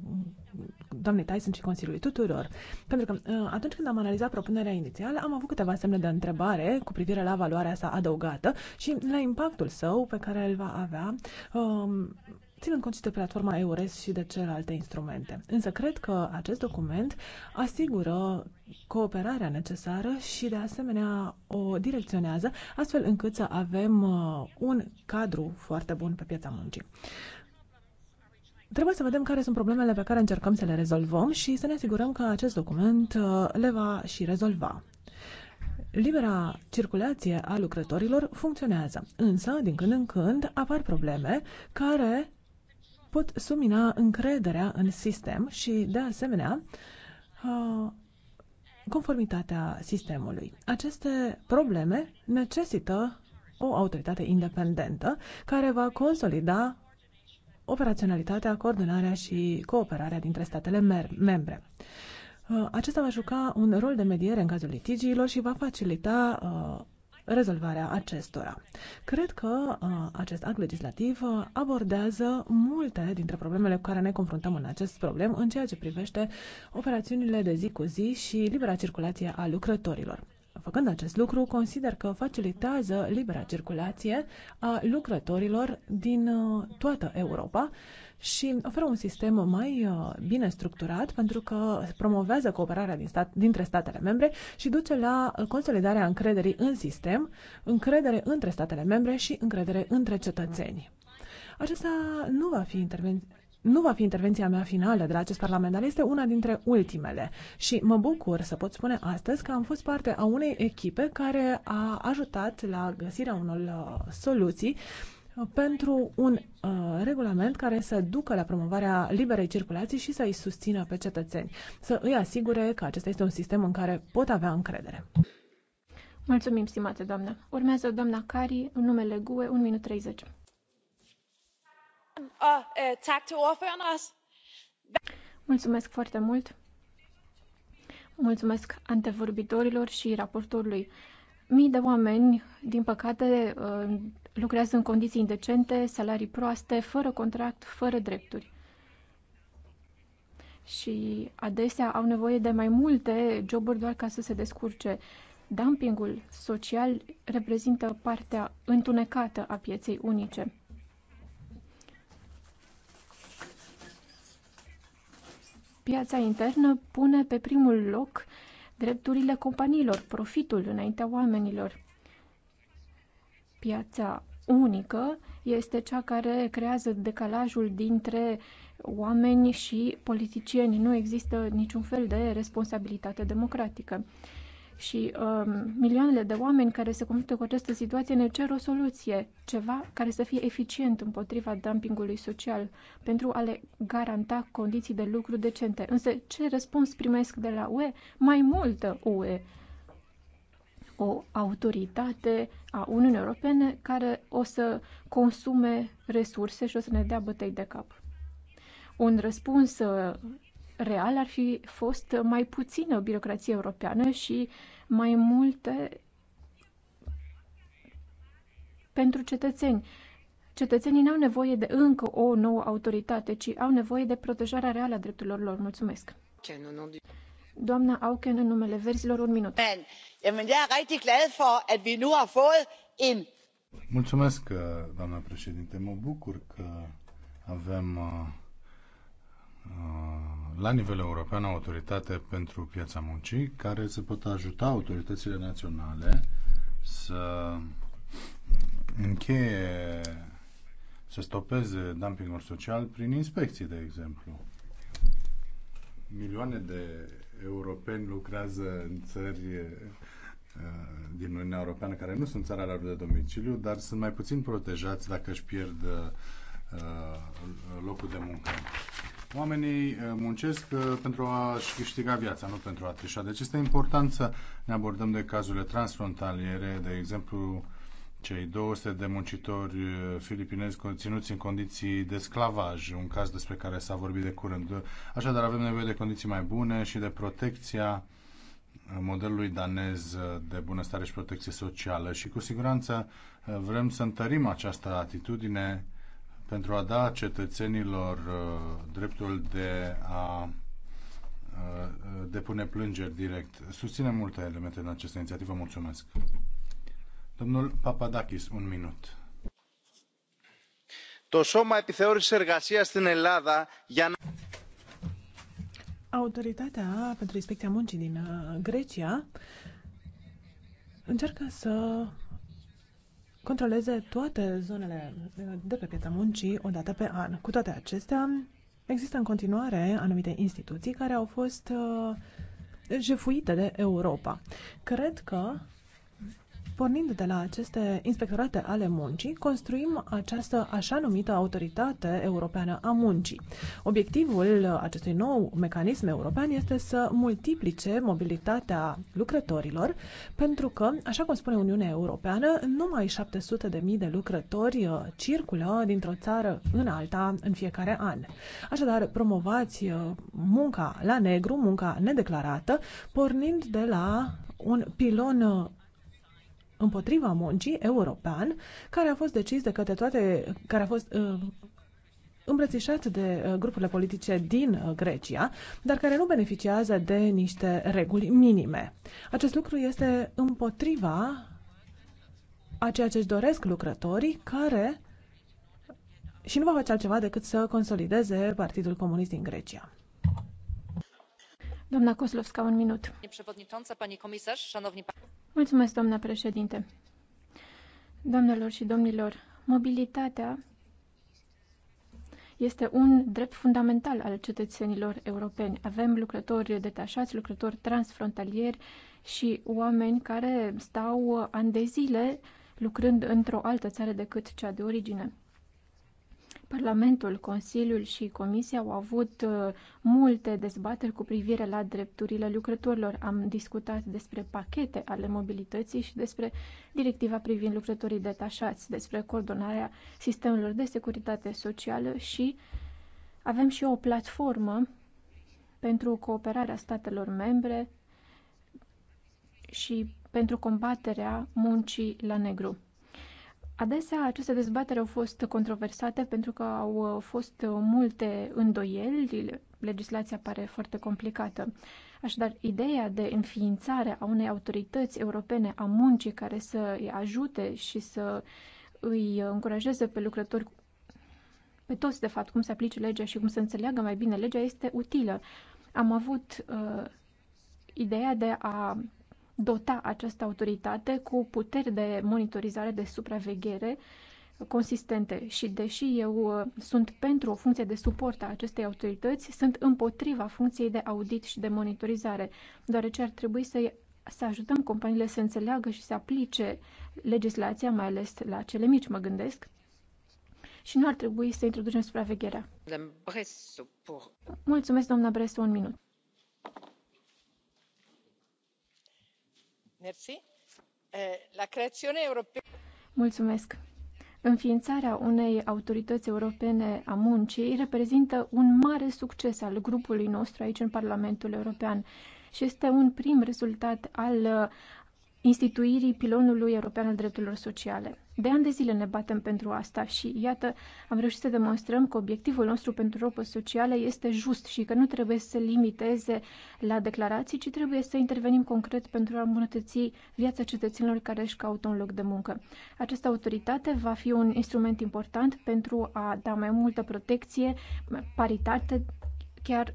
doamnei Tyson și Consiliului tuturor. Pentru că uh, atunci când am analizat propunerea inițială, am avut câteva semne de întrebare cu privire la valoarea sa adăugată și la impactul său pe care îl va avea um, ținând cont și de platforma EURES și de celelalte instrumente. Însă cred că acest document asigură cooperarea necesară și de asemenea o direcționează astfel încât să avem uh, un cadru foarte bun pe piața muncii. Trebuie să vedem care sunt problemele pe care încercăm să le rezolvăm și să ne asigurăm că acest document uh, le va și rezolva. Libera circulație a lucrătorilor funcționează, însă, din când în când, apar probleme care pot sumina încrederea în sistem și, de asemenea, conformitatea sistemului. Aceste probleme necesită o autoritate independentă care va consolida operaționalitatea, coordonarea și cooperarea dintre statele membre. Acesta va juca un rol de mediere în cazul litigiilor și va facilita rezolvarea acestora. Cred că uh, acest act legislativ uh, abordează multe dintre problemele cu care ne confruntăm în acest problem în ceea ce privește operațiunile de zi cu zi și libera circulație a lucrătorilor. Făcând acest lucru, consider că facilitează libera circulație a lucrătorilor din uh, toată Europa și oferă un sistem mai uh, bine structurat pentru că promovează cooperarea din stat, dintre statele membre și duce la uh, consolidarea încrederii în sistem, încredere între statele membre și încredere între cetățeni. Acesta nu va fi intervenție nu va fi intervenția mea finală de la acest parlament, dar este una dintre ultimele. Și mă bucur să pot spune astăzi că am fost parte a unei echipe care a ajutat la găsirea unor uh, soluții pentru un uh, regulament care să ducă la promovarea liberei circulații și să îi susțină pe cetățeni, să îi asigure că acesta este un sistem în care pot avea încredere. Mulțumim, stimate doamnă. Urmează doamna Cari, în numele GUE, 1 minut 30. Øh, Mulțumesc foarte mult. Mulțumesc antevorbitorilor și raportorului. Mii de oameni, din păcate, uh, lucrează în condiții indecente, salarii proaste, fără contract, fără drepturi. Și adesea au nevoie de mai multe joburi doar ca să se descurce. Dumpingul social reprezintă partea întunecată a pieței unice. Piața internă pune pe primul loc uh, drepturile companiilor, profitul înaintea oamenilor. Piața unică este cea care creează decalajul dintre oameni și politicieni. Nu există niciun fel de responsabilitate democratică și um, milioanele de oameni care se confruntă cu această situație ne cer o soluție, ceva care să fie eficient împotriva dumpingului social, pentru a le garanta condiții de lucru decente. Însă ce răspuns primesc de la UE? Mai multă UE. O autoritate a Uniunii Europene care o să consume resurse și o să ne dea bătăi de cap. Un răspuns uh, real ar fi fost mai puțină birocrație europeană și mai multe pentru cetățeni. Cetățenii nu au nevoie de încă o nouă autoritate, ci au nevoie de protejarea reală a drepturilor lor. Mulțumesc! Doamna Auken, în numele verzilor, un minut. Er Mulțumesc, doamna președinte. Mă bucur că avem uh, la nivel european o autoritate pentru piața muncii care să poată ajuta autoritățile naționale să încheie, să stopeze dumpingul social prin inspecții, de exemplu. Milioane de europeni lucrează în țări uh, din Uniunea Europeană care nu sunt țara lor de domiciliu, dar sunt mai puțin protejați dacă își pierd uh, locul de muncă. Oamenii uh, muncesc uh, pentru a-și câștiga viața, nu pentru a trișa. Deci este important să ne abordăm de cazurile transfrontaliere, de exemplu cei 200 de muncitori uh, filipinezi conținuți în condiții de sclavaj, un caz despre care s-a vorbit de curând. Așadar avem nevoie de condiții mai bune și de protecția modelului danez de bunăstare și protecție socială și cu siguranță vrem să întărim această atitudine pentru a da cetățenilor uh, dreptul de a uh, depune plângeri direct. Susținem multe elemente în această inițiativă. Mulțumesc. Domnul Papadakis, un minut. Το Σώμα Επιθεώρησης Εργασίας στην Ελλάδα για να... Autoritatea pentru inspecția muncii din uh, Grecia încearcă să controleze toate zonele eh, de pe piața muncii o dată pe an. Cu toate acestea, există în continuare anumite instituții care au fost eh, jefuite de Europa. Cred că pornind de la aceste inspectorate ale muncii, construim această așa numită autoritate europeană a muncii. Obiectivul acestui nou mecanism european este să multiplice mobilitatea lucrătorilor, pentru că, așa cum spune Uniunea Europeană, numai 700.000 de lucrători uh, circulă dintr-o țară în alta în fiecare an. Așadar, promovați uh, munca la negru, munca nedeclarată, pornind de la un pilon uh, împotriva muncii european, care a fost decis de către toate, care a fost uh, îmbrățișat de uh, grupurile politice din uh, Grecia, dar care nu beneficiază de niște reguli minime. Acest lucru este împotriva a ceea ce își doresc lucrătorii care și nu va face altceva decât să consolideze Partidul Comunist din Grecia. Doamna Koslovska, un minut. Mulțumesc, doamna președinte. Doamnelor și domnilor, mobilitatea este un drept fundamental al cetățenilor europeni. Avem lucrători detașați, lucrători transfrontalieri și oameni care stau ani de zile lucrând într-o altă țară decât cea de origine. Parlamentul, Consiliul și Comisia au avut uh, multe dezbateri cu privire la drepturile lucrătorilor. Am discutat despre pachete ale mobilității și despre directiva privind lucrătorii detașați, despre coordonarea sistemelor de securitate socială și avem și o platformă pentru cooperarea statelor membre și pentru combaterea muncii la negru. Adesea aceste dezbatere au fost controversate pentru că au uh, fost uh, multe îndoieli, legislația pare foarte complicată. Așadar, ideea de înființare a unei autorități europene a muncii care să îi ajute și să îi încurajeze pe lucrători pe toți, de fapt, cum se aplice legea și cum să înțeleagă mai bine legea, este utilă. Am avut uh, ideea de a dota această autoritate cu puteri de monitorizare, de supraveghere consistente și deși eu uh, sunt pentru o funcție de suport a acestei autorități, sunt împotriva funcției de audit și de monitorizare, deoarece ar trebui să, să ajutăm companiile să înțeleagă și să aplice legislația, mai ales la cele mici, mă gândesc, și nu ar trebui să introducem supravegherea. Mulțumesc, doamna Bresu, un minut Eh, Mulțumesc. Înființarea unei autorități europene a muncii reprezintă un mare succes al grupului nostru aici în Parlamentul European și este un prim rezultat al instituirii pilonului european al drepturilor sociale. De ani de zile ne batem pentru asta și, iată, am reușit să demonstrăm că obiectivul nostru pentru Europa socială este just și că nu trebuie să se limiteze la declarații, ci trebuie să intervenim concret pentru a îmbunătăți viața cetățenilor care își caută un loc de muncă. Această autoritate va fi un instrument important pentru a da mai multă protecție, paritate, chiar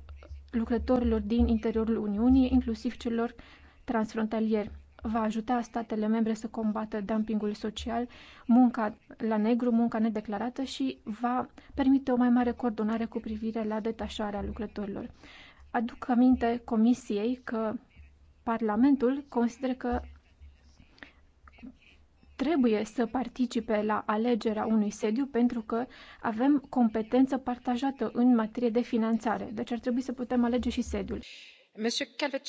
lucrătorilor din interiorul Uniunii, inclusiv celor transfrontalieri va ajuta statele membre să combată dumpingul social, munca la negru, munca nedeclarată și va permite o mai mare coordonare cu privire la detașarea lucrătorilor. Aduc aminte Comisiei că Parlamentul consideră că trebuie să participe la alegerea unui sediu pentru că avem competență partajată în materie de finanțare, deci ar trebui să putem alege și sediul doamnă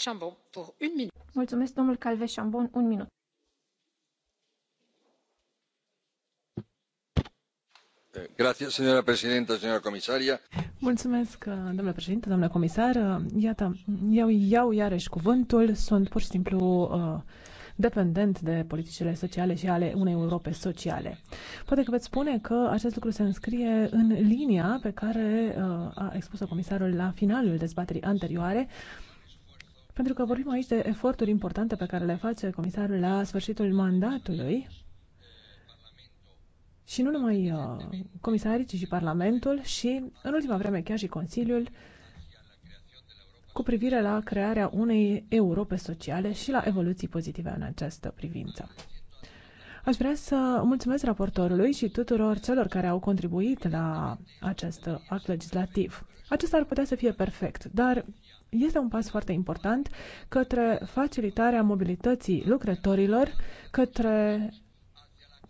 președintă domnule președinte doamnă comisar iată eu iau iarăși cuvântul sunt pur și simplu uh, dependent de politicile sociale și ale unei Europe sociale. Poate că veți spune că acest lucru se înscrie în linia pe care uh, a expus-o comisarul la finalul dezbaterii anterioare pentru că vorbim aici de eforturi importante pe care le face comisarul la sfârșitul mandatului și nu numai uh, comisarii, ci și Parlamentul și, în ultima vreme, chiar și Consiliul cu privire la crearea unei Europe sociale și la evoluții pozitive în această privință. Aș vrea să mulțumesc raportorului și tuturor celor care au contribuit la acest act legislativ. Acesta ar putea să fie perfect, dar este un pas foarte important către facilitarea mobilității lucrătorilor, către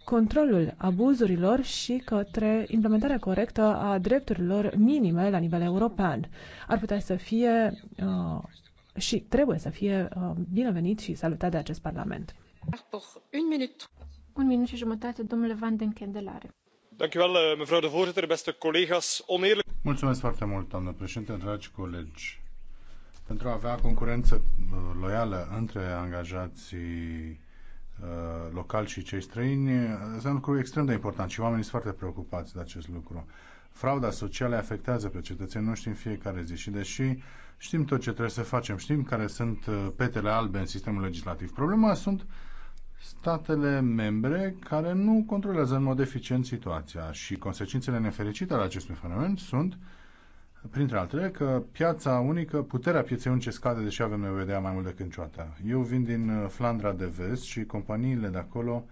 controlul abuzurilor și către implementarea corectă a drepturilor minime la nivel european. Ar putea să fie uh, și trebuie să fie uh, binevenit și salutat de acest Parlament. Un minut. Un minut și jumătate, domnule Van den Kendelare. Eh, Mulțumesc foarte mult, doamnă președinte, dragi colegi pentru a avea concurență uh, loială între angajații uh, locali și cei străini, este un lucru extrem de important și oamenii sunt foarte preocupați de acest lucru. Frauda socială afectează pe cetățenii noștri în fiecare zi și deși știm tot ce trebuie să facem, știm care sunt uh, petele albe în sistemul legislativ. Problema sunt statele membre care nu controlează în mod eficient situația și consecințele nefericite ale acestui fenomen sunt uh, printre altele, că piața unică, puterea pieței unice scade, deși avem nevoie de ea mai mult decât niciodată. Eu vin din uh, Flandra de Vest și companiile de acolo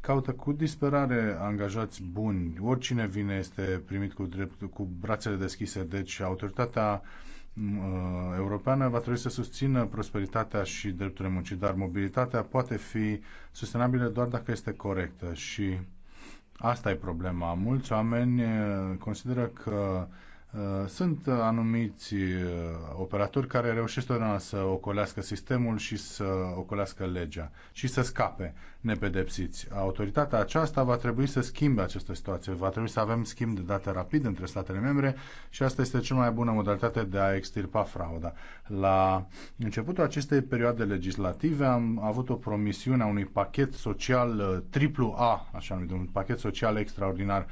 caută cu disperare angajați buni. Oricine vine este primit cu, drept, cu brațele deschise, deci autoritatea uh, europeană va trebui să susțină prosperitatea și drepturile muncii, dar mobilitatea poate fi sustenabilă doar dacă este corectă și asta e problema. Mulți oameni uh, consideră că uh, Uh, sunt uh, anumiți uh, operatori care reușesc totdeauna să ocolească sistemul și să ocolească legea și să scape nepedepsiți. Autoritatea aceasta va trebui să schimbe această situație. Va trebui să avem schimb de date rapid între statele membre și asta este cea mai bună modalitate de a extirpa frauda. La începutul acestei perioade legislative am avut o promisiune a unui pachet social triplu A, așa numit, un pachet social extraordinar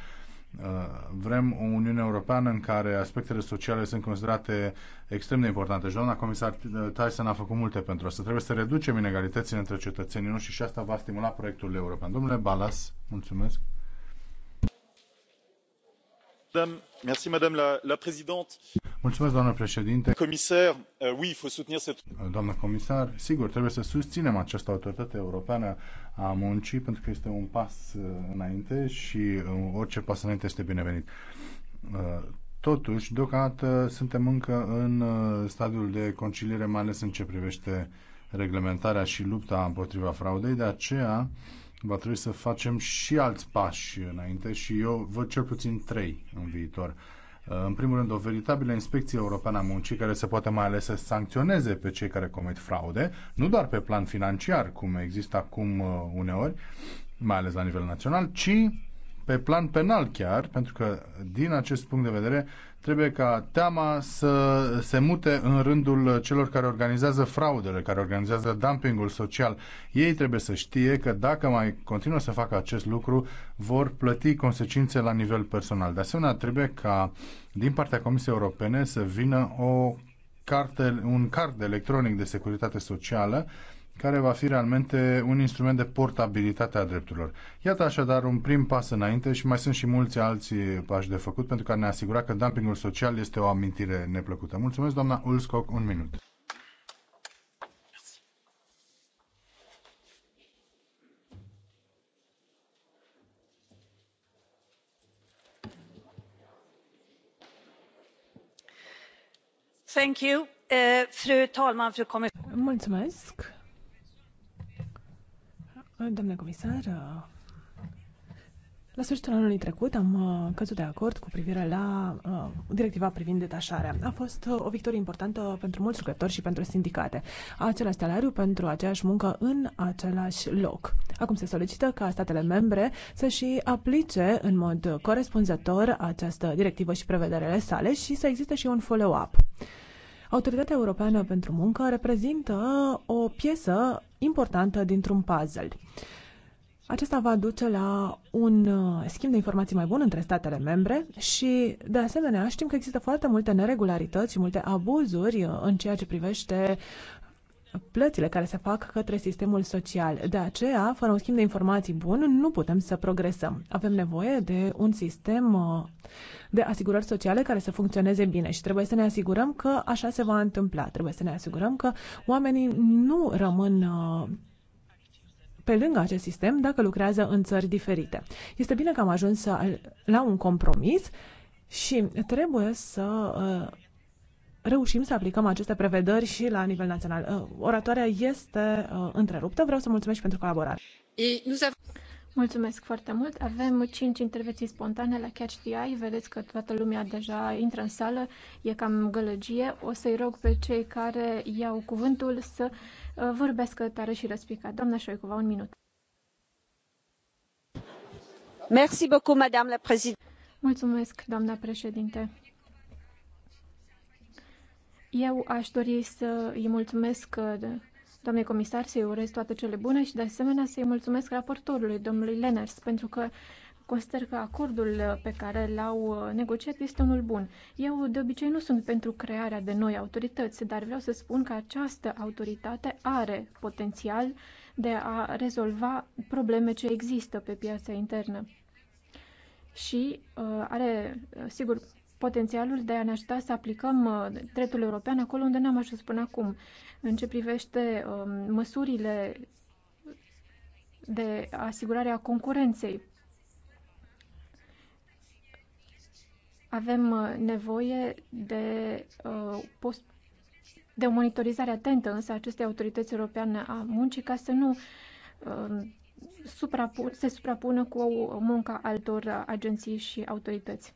Uh, vrem o Uniune Europeană în care aspectele sociale sunt considerate extrem de importante. Și doamna comisar Tyson a făcut multe pentru asta. Trebuie să reducem inegalitățile între cetățenii noștri și asta va stimula proiectul european. Domnule Balas, mulțumesc doamnă președintă euh, doamnă comisar sigur trebuie să susținem această autoritate europeană a muncii pentru că este un pas uh, înainte și uh, orice pas înainte este binevenit. Uh, totuși, deocamdată suntem încă în stadiul de conciliere, mai ales în ce privește reglementarea și lupta împotriva fraudei, de aceea va trebui să facem și alți pași înainte și eu văd cel puțin trei în viitor. Uh, în primul rând, o veritabilă inspecție europeană a muncii care se poate mai ales să sancționeze pe cei care comit fraude, nu doar pe plan financiar, cum există acum uh, uneori, mai ales la nivel național, ci pe plan penal chiar, pentru că din acest punct de vedere trebuie ca teama să se mute în rândul celor care organizează fraudele, care organizează dumpingul social. Ei trebuie să știe că dacă mai continuă să facă acest lucru, vor plăti consecințe la nivel personal. De asemenea, trebuie ca din partea Comisiei Europene să vină o carte, un card electronic de securitate socială care va fi realmente un instrument de portabilitate a drepturilor. Iată așadar un prim pas înainte și mai sunt și mulți alții pași de făcut pentru că ne asigura că dumpingul social este o amintire neplăcută. Mulțumesc, doamna Ulscoc, un minut. Thank you, uh, fru talman, fru Mulțumesc. Doamna comisar, la sfârșitul anului trecut am uh, căzut de acord cu privire la uh, directiva privind detașarea. A fost uh, o victorie importantă pentru mulți lucrători și pentru sindicate. Același salariu pentru aceeași muncă în același loc. Acum se solicită ca statele membre să și aplice în mod corespunzător această directivă și prevederele sale și să existe și un follow-up. Autoritatea Europeană pentru Muncă reprezintă o piesă importantă dintr-un puzzle. Acesta va duce la un uh, schimb de informații mai bun între statele membre și, de asemenea, știm că există foarte multe neregularități și multe abuzuri uh, în ceea ce privește plățile care se fac către sistemul social. De aceea, fără un schimb de informații bun, nu putem să progresăm. Avem nevoie de un sistem uh, de asigurări sociale care să funcționeze bine și trebuie să ne asigurăm că așa se va întâmpla. Trebuie să ne asigurăm că oamenii nu rămân uh, pe lângă acest sistem dacă lucrează în țări diferite. Este bine că am ajuns la un compromis și trebuie să uh, reușim să aplicăm aceste prevederi și la nivel național. Uh, oratoarea este uh, întreruptă. Vreau să mulțumesc pentru colaborare. Mulțumesc foarte mult. Avem cinci intervenții spontane la Catch the Eye. Vedeți că toată lumea deja intră în sală, e cam gălăgie. O să-i rog pe cei care iau cuvântul să uh, vorbească tare și răspicat. Doamna Șoicova, un minut. Merci beaucoup, Madame la Mulțumesc, doamna președinte. Eu aș dori să îi mulțumesc uh, doamnei comisar, să-i urez toate cele bune și de asemenea să-i mulțumesc raportorului, domnului Leners, pentru că consider că acordul uh, pe care l-au uh, negociat este unul bun. Eu de obicei nu sunt pentru crearea de noi autorități, dar vreau să spun că această autoritate are potențial de a rezolva probleme ce există pe piața internă și uh, are, sigur, potențialul de a ne ajuta să aplicăm uh, dreptul european acolo unde n-am ajuns până acum. În ce privește um, măsurile de asigurare a concurenței, avem uh, nevoie de, uh, post, de o monitorizare atentă, însă, aceste autorități europeane a muncii, ca să nu um, suprapun, se suprapună cu munca altor agenții și autorități.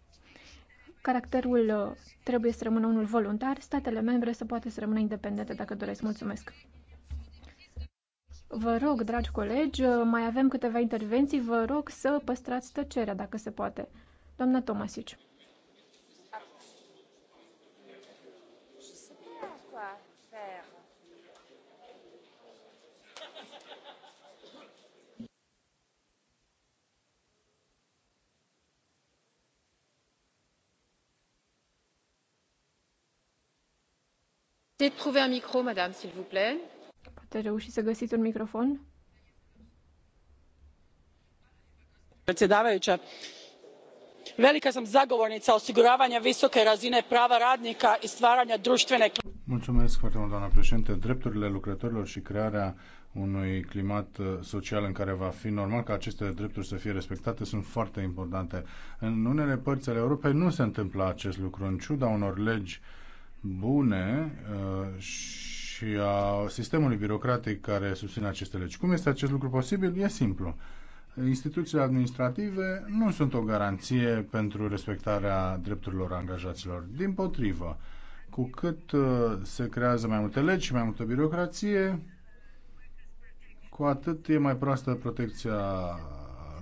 Caracterul uh, trebuie să rămână unul voluntar, statele membre să poată să rămână independente dacă doresc. Mulțumesc! Vă rog, dragi colegi, uh, mai avem câteva intervenții, vă rog să păstrați tăcerea dacă se poate. Doamna Tomasici. Puteți trouver un micro, madame, s'il vous plaît. Poate reuși să găsiți un microfon? Predsjedavajuća, velika sam zagovornica osiguravanja visoke razine prava radnika i stvaranja društvene... Mulțumesc foarte mult, doamna președinte. Drepturile lucrătorilor și crearea unui climat uh, social în care va fi normal ca aceste drepturi să fie respectate sunt foarte importante. În unele părți ale Europei nu se întâmplă acest lucru, în ciuda unor legi uh, bune uh, și a sistemului birocratic care susține aceste legi. Cum este acest lucru posibil? E simplu. Instituțiile administrative nu sunt o garanție pentru respectarea drepturilor angajaților. Din potrivă, cu cât uh, se creează mai multe legi și mai multă birocrație, cu atât e mai proastă protecția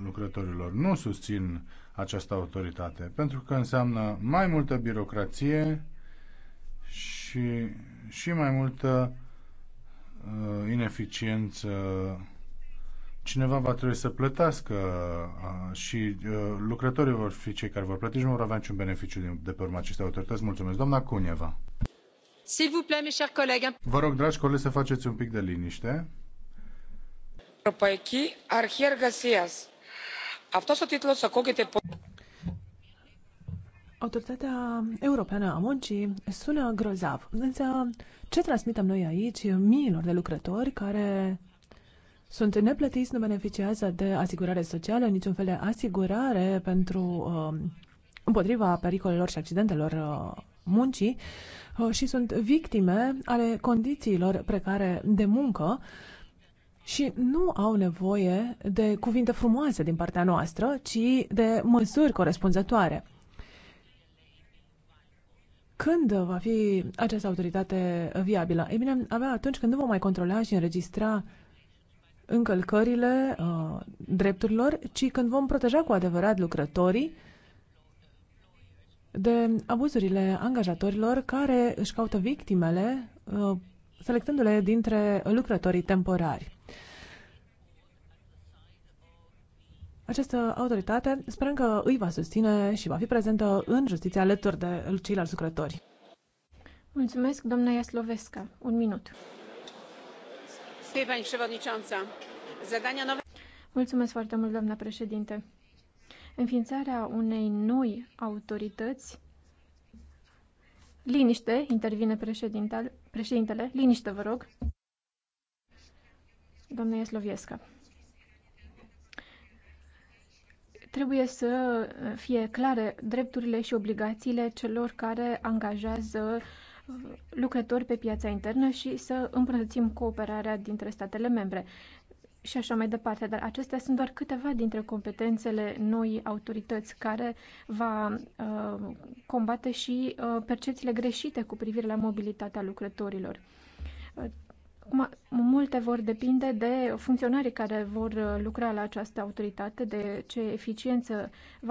lucrătorilor. Nu susțin această autoritate, pentru că înseamnă mai multă birocrație și, și mai multă uh, ineficiență. Cineva va trebui să plătească uh, și uh, lucrătorii vor fi cei care vor plăti și nu vor avea niciun beneficiu de, de pe urma acestei autorități. Mulțumesc. Doamna Cuneva. Vă rog, dragi colegi, să faceți un pic de liniște. Propaiki, arhier găsias. Αυτός titlul să ακούγεται πολύ... Autoritatea Europeană a Muncii sună grozav, însă ce transmitem noi aici miilor de lucrători care sunt neplătiți, nu beneficiază de asigurare socială, niciun fel de asigurare pentru um, împotriva pericolelor și accidentelor uh, muncii uh, și sunt victime ale condițiilor precare de muncă și nu au nevoie de cuvinte frumoase din partea noastră, ci de măsuri corespunzătoare. Când va fi această autoritate viabilă? Ei bine, avea atunci când nu vom mai controla și înregistra încălcările uh, drepturilor, ci când vom proteja cu adevărat lucrătorii de abuzurile angajatorilor care își caută victimele uh, selectându-le dintre lucrătorii temporari. Această autoritate sperăm că îi va susține și va fi prezentă în justiție alături de ceilalți lucrători. Mulțumesc, doamna Iaslovesca. Un minut. Mulțumesc foarte mult, doamna președinte. Înființarea unei noi autorități Liniște, intervine președintele. Liniște, vă rog. Doamna Iesloviesca. trebuie să fie clare drepturile și obligațiile celor care angajează uh, lucrători pe piața internă și să îmbunătățim cooperarea dintre statele membre și așa mai departe. Dar acestea sunt doar câteva dintre competențele noi autorități care va uh, combate și uh, percepțiile greșite cu privire la mobilitatea lucrătorilor. Multe vor depinde de funcționarii care vor lucra la această autoritate, de ce eficiență